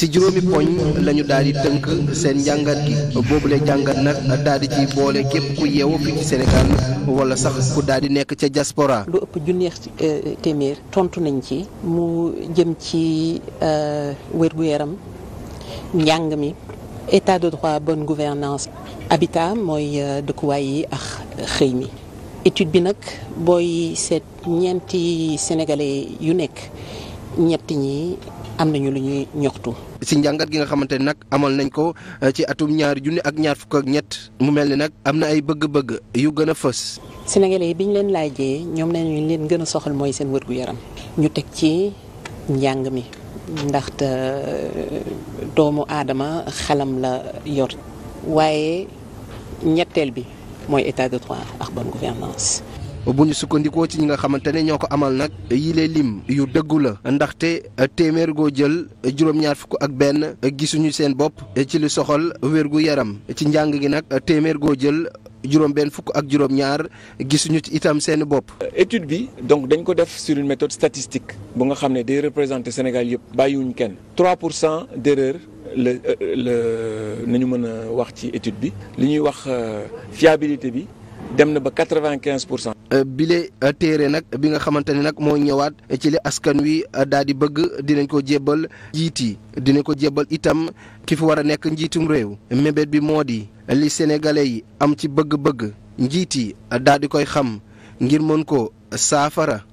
ci juróomi poñ la ñu daal di tënk seen njàngat gi boobule jàngat nag daal di ci boole képp ku yeewu fii ci Sénégal wala sax ku daal di nekk ca diaspora. lu ëpp junneex eh, téeméer tontu nañ ci mu jëm ci euh, wér-gu-yaram njàng mi état de droit bonne gouvernance habitat mooy euh, dëkkuwaay yi ak xëy mi. étude bi nag booy seet ñeenti sénégalais yu nekk. ñetti ñi am nañu lu ñuy ñoxtu. si njàngat gi nga xamante ne nag amal nañ ko eh, ci atum ñaari junni ak ñaar fukk ak ñett mu mel ni nag am na ay bëgg-bëgg yu gën a fës. Sénégalais yi bi ñu leen laajee ñoom nee nañu leen gën a soxal mooy seen wërgu yaram ñu teg ci njàng mi ndaxte eh, doomu aadama xalam la yor waaye ñetteel bi mooy état de droit ak bonne gouvernance bu ñu sukkandikoo ci ñi nga xamante ne ñoo ko amal nag yile lim yu dëggu la ndaxte téeméer goo jël juróom-ñaar fukk ak benn gisuñu seen bopp ci li soxal wérgu yaram ci njàng gi nag téeméer goo jël juróom benn fukk ak juróom ñaar gisuñu ci itam seen bopp. étude bi donc dañ ko def sur une méthode statistique bu nga xam ne day représenter Sénégal yëpp bàyyiwuñ kenn trois pour cent d'erreur la euh, la nañu mën a wax ci étude bi li ñuy wax euh, fiabilité bi. dem na ba quatre-vingt-quinze pour cent. Euh, bile euh, téere nag bi nga xamante ne nag moo ñëwaat ci li askan wi euh, daal di bëgg dinañ ko jébbal njiit yi dinañ ko jébbal itam ki fi war a nekk njiitum réew mébét bi moo di li sénégalais yi am ci bëgg-bëgg njiit yi daal di koy xam ngir mën ko saafara.